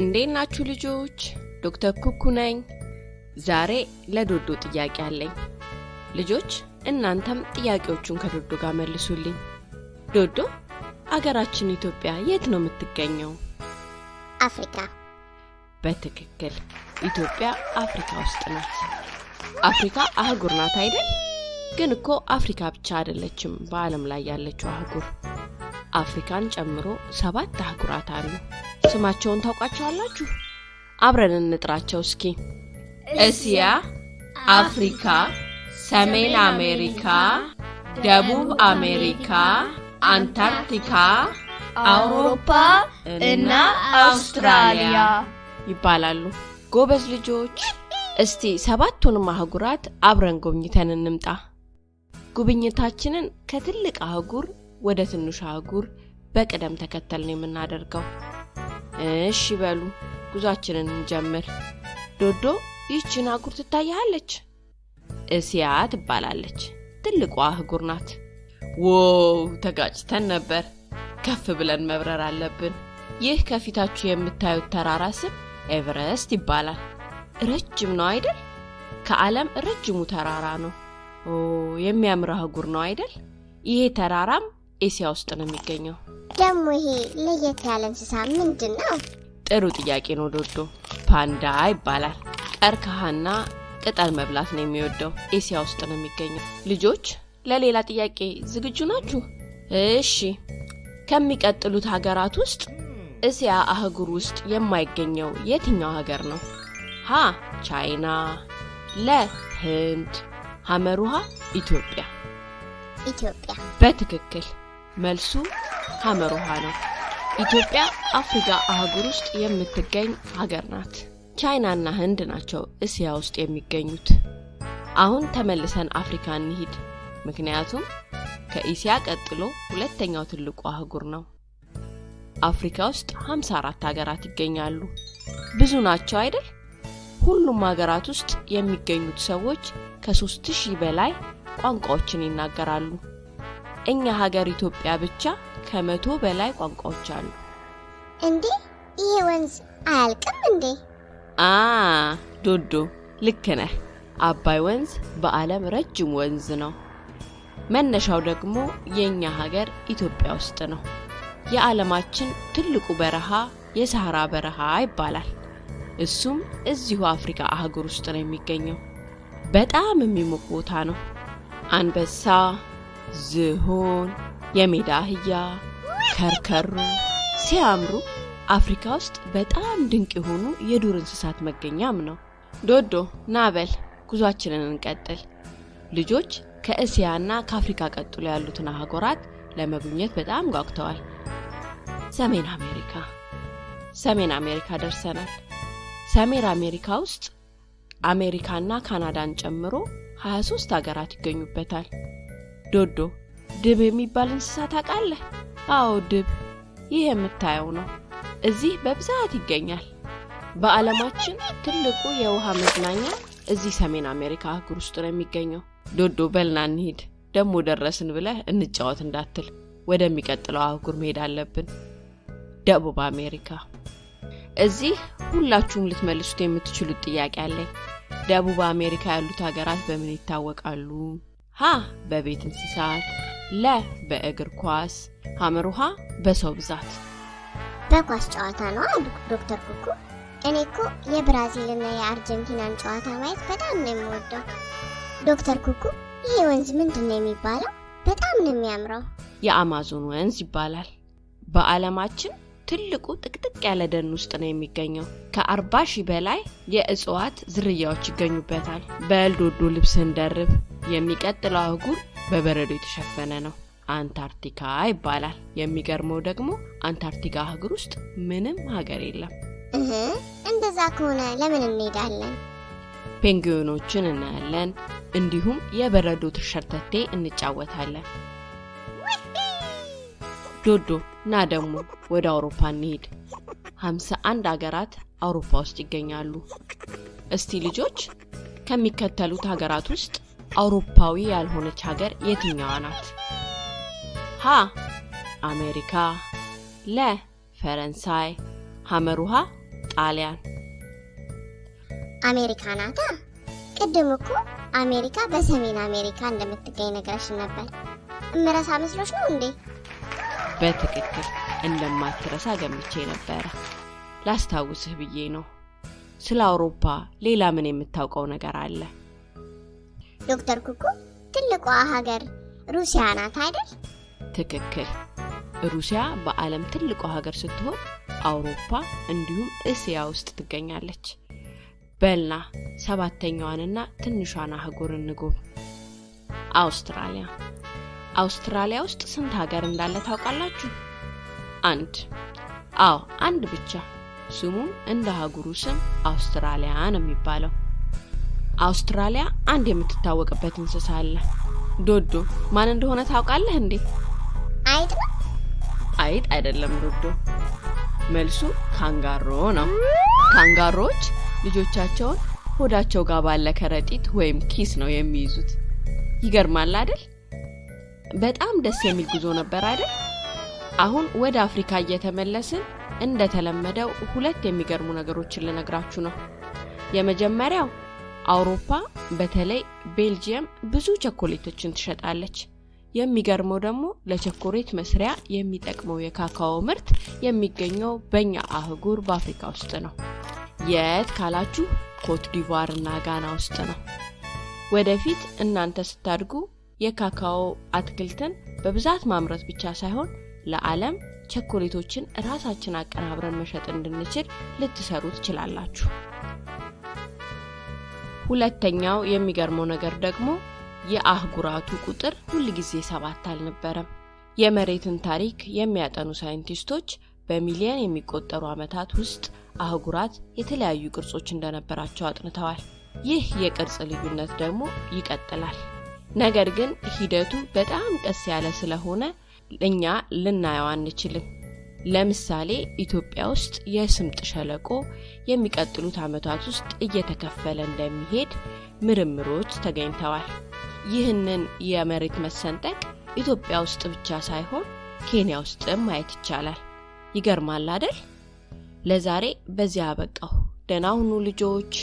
እንዴት ናችሁ ልጆች? ዶክተር ኩኩ ነኝ። ዛሬ ለዶዶ ጥያቄ አለኝ። ልጆች እናንተም ጥያቄዎቹን ከዶዶ ጋር መልሱልኝ። ዶዶ፣ አገራችን ኢትዮጵያ የት ነው የምትገኘው? አፍሪካ። በትክክል ኢትዮጵያ አፍሪካ ውስጥ ናት። አፍሪካ አህጉር ናት አይደል? ግን እኮ አፍሪካ ብቻ አይደለችም በዓለም ላይ ያለችው አህጉር። አፍሪካን ጨምሮ ሰባት አህጉራት አሉ። ስማቸውን ታውቃቸዋላችሁ? አብረን እንጥራቸው እስኪ። እስያ፣ አፍሪካ፣ ሰሜን አሜሪካ፣ ደቡብ አሜሪካ፣ አንታርክቲካ፣ አውሮፓ እና አውስትራሊያ ይባላሉ። ጎበዝ ልጆች። እስቲ ሰባቱንም አህጉራት አብረን ጎብኝተን እንምጣ። ጉብኝታችንን ከትልቅ አህጉር ወደ ትንሽ አህጉር በቅደም ተከተል ነው የምናደርገው። እሺ በሉ ጉዟችንን እንጀምር። ዶዶ ይህችን አህጉር ትታያለች። እስያ ትባላለች። ትልቋ አህጉር ናት። ዎው ተጋጭተን ነበር። ከፍ ብለን መብረር አለብን። ይህ ከፊታችሁ የምታዩት ተራራ ስም ኤቨረስት ይባላል። ረጅም ነው አይደል? ከዓለም ረጅሙ ተራራ ነው። ኦ የሚያምር አህጉር ነው አይደል? ይሄ ተራራም ኤስያ ውስጥ ነው የሚገኘው። ደግሞ ይሄ ለየት ያለ እንስሳ ምንድን ነው? ጥሩ ጥያቄ ነው ዶዶ። ፓንዳ ይባላል። ቀርከሃና ቅጠል መብላት ነው የሚወደው። ኤሲያ ውስጥ ነው የሚገኘው። ልጆች ለሌላ ጥያቄ ዝግጁ ናችሁ? እሺ። ከሚቀጥሉት ሀገራት ውስጥ እስያ አህጉር ውስጥ የማይገኘው የትኛው ሀገር ነው? ሀ ቻይና፣ ለ ህንድ፣ ሐመሩሃ ኢትዮጵያ። ኢትዮጵያ በትክክል መልሱ ውሃ ነው። ኢትዮጵያ አፍሪካ አህጉር ውስጥ የምትገኝ ሀገር ናት። ቻይና ና ህንድ ናቸው እስያ ውስጥ የሚገኙት። አሁን ተመልሰን አፍሪካ እንሂድ፣ ምክንያቱም ከእስያ ቀጥሎ ሁለተኛው ትልቁ አህጉር ነው። አፍሪካ ውስጥ 54 ሀገራት ይገኛሉ። ብዙ ናቸው አይደል? ሁሉም ሀገራት ውስጥ የሚገኙት ሰዎች ከ3000 በላይ ቋንቋዎችን ይናገራሉ። እኛ ሀገር ኢትዮጵያ ብቻ ከመቶ በላይ ቋንቋዎች አሉ። እንዴ ይሄ ወንዝ አያልቅም እንዴ? አ ዶዶ ልክ ነህ። አባይ ወንዝ በዓለም ረጅም ወንዝ ነው። መነሻው ደግሞ የእኛ ሀገር ኢትዮጵያ ውስጥ ነው። የዓለማችን ትልቁ በረሃ የሰሐራ በረሃ ይባላል። እሱም እዚሁ አፍሪካ አህጉር ውስጥ ነው የሚገኘው። በጣም የሚሞቅ ቦታ ነው። አንበሳ ዝሆን፣ የሜዳ አህያ፣ ከርከሮ ሲያምሩ አፍሪካ ውስጥ በጣም ድንቅ የሆኑ የዱር እንስሳት መገኛም ነው። ዶዶ ናበል ጉዟችንን እንቀጥል። ልጆች ከእስያና ከአፍሪካ ቀጥሎ ያሉትን አህጉራት ለመጎብኘት በጣም ጓጉተዋል። ሰሜን አሜሪካ ሰሜን አሜሪካ ደርሰናል። ሰሜን አሜሪካ ውስጥ አሜሪካና ካናዳን ጨምሮ 23 ሀገራት ይገኙበታል። ዶዶ ድብ የሚባል እንስሳ ታውቃለህ? አዎ ድብ። ይህ የምታየው ነው። እዚህ በብዛት ይገኛል። በዓለማችን ትልቁ የውሃ መዝናኛ እዚህ ሰሜን አሜሪካ አህጉር ውስጥ ነው የሚገኘው። ዶዶ በልና እንሂድ። ደግሞ ደረስን ብለህ እንጫወት እንዳትል፣ ወደሚቀጥለው አህጉር መሄድ አለብን። ደቡብ አሜሪካ። እዚህ ሁላችሁም ልትመልሱት የምትችሉት ጥያቄ አለኝ። ደቡብ አሜሪካ ያሉት ሀገራት በምን ይታወቃሉ? ሀ በቤት እንስሳት፣ ለ በእግር ኳስ፣ ውሃ በሰው ብዛት። በኳስ ጨዋታ ነው አሉ ዶክተር ኩኩ። እኔ እኮ የብራዚልና የአርጀንቲናን ጨዋታ ማየት በጣም ነው የምወደው። ዶክተር ኩኩ ይሄ ወንዝ ምንድን ነው የሚባለው? በጣም ነው የሚያምረው። የአማዞን ወንዝ ይባላል። በዓለማችን ትልቁ ጥቅጥቅ ያለ ደን ውስጥ ነው የሚገኘው። ከአርባ ሺህ በላይ የእጽዋት ዝርያዎች ይገኙበታል። በልዶዶ ዶዶ ልብስህን ደርብ። የሚቀጥለው አህጉር በበረዶ የተሸፈነ ነው፣ አንታርክቲካ ይባላል። የሚገርመው ደግሞ አንታርክቲካ አህጉር ውስጥ ምንም ሀገር የለም። እንደዛ ከሆነ ለምን እንሄዳለን? ፔንግዊኖችን እናያለን፣ እንዲሁም የበረዶ ትሸርተቴ እንጫወታለን። ዶዶ ና ደግሞ ወደ አውሮፓ እንሄድ። ሀምሳ አንድ ሀገራት አውሮፓ ውስጥ ይገኛሉ። እስቲ ልጆች ከሚከተሉት ሀገራት ውስጥ አውሮፓዊ ያልሆነች ሀገር የትኛዋ ናት? ሀ አሜሪካ፣ ለ ፈረንሳይ፣ ሀመሩሃ ጣሊያን። አሜሪካ ናታ። ቅድም እኮ አሜሪካ በሰሜን አሜሪካ እንደምትገኝ ነግረሽን ነበር። እምረሳ መስሎች ነው እንዴ? በትክክል እንደማትረሳ ገምቼ ነበረ። ላስታውስህ ብዬ ነው። ስለ አውሮፓ ሌላ ምን የምታውቀው ነገር አለ? ዶክተር ኩኩ ትልቋ ሀገር ሩሲያ ናት አይደል? ትክክል። ሩሲያ በዓለም ትልቋ ሀገር ስትሆን አውሮፓ እንዲሁም እስያ ውስጥ ትገኛለች። በልና ሰባተኛዋንና ትንሿን አህጉር እንጎብ አውስትራሊያ። አውስትራሊያ ውስጥ ስንት ሀገር እንዳለ ታውቃላችሁ? አንድ። አዎ አንድ ብቻ። ስሙም እንደ አህጉሩ ስም አውስትራሊያ ነው የሚባለው። አውስትራሊያ አንድ የምትታወቅበት እንስሳ አለ። ዶዶ ማን እንደሆነ ታውቃለህ እንዴ? አይጥ ነው። አይጥ አይደለም ዶዶ። መልሱ ካንጋሮ ነው። ካንጋሮዎች ልጆቻቸውን ሆዳቸው ጋር ባለ ከረጢት ወይም ኪስ ነው የሚይዙት። ይገርማል አይደል? በጣም ደስ የሚል ጉዞ ነበር አይደል? አሁን ወደ አፍሪካ እየተመለስን እንደተለመደው ሁለት የሚገርሙ ነገሮችን ልነግራችሁ ነው። የመጀመሪያው አውሮፓ በተለይ ቤልጅየም ብዙ ቸኮሌቶችን ትሸጣለች። የሚገርመው ደግሞ ለቸኮሌት መስሪያ የሚጠቅመው የካካኦ ምርት የሚገኘው በእኛ አህጉር በአፍሪካ ውስጥ ነው። የት ካላችሁ ኮት ዲቫር እና ጋና ውስጥ ነው። ወደፊት እናንተ ስታድጉ የካካኦ አትክልትን በብዛት ማምረት ብቻ ሳይሆን ለዓለም ቸኮሌቶችን ራሳችን አቀናብረን መሸጥ እንድንችል ልትሰሩ ትችላላችሁ። ሁለተኛው የሚገርመው ነገር ደግሞ የአህጉራቱ ቁጥር ሁልጊዜ ሰባት አልነበረም። የመሬትን ታሪክ የሚያጠኑ ሳይንቲስቶች በሚሊየን የሚቆጠሩ ዓመታት ውስጥ አህጉራት የተለያዩ ቅርጾች እንደነበራቸው አጥንተዋል። ይህ የቅርጽ ልዩነት ደግሞ ይቀጥላል። ነገር ግን ሂደቱ በጣም ቀስ ያለ ስለሆነ እኛ ልናየው አንችልም። ለምሳሌ ኢትዮጵያ ውስጥ የስምጥ ሸለቆ የሚቀጥሉት ዓመታት ውስጥ እየተከፈለ እንደሚሄድ ምርምሮች ተገኝተዋል። ይህንን የመሬት መሰንጠቅ ኢትዮጵያ ውስጥ ብቻ ሳይሆን ኬንያ ውስጥም ማየት ይቻላል። ይገርማል አደል? ለዛሬ በዚያ አበቃሁ። ደህና ሁኑ ልጆች።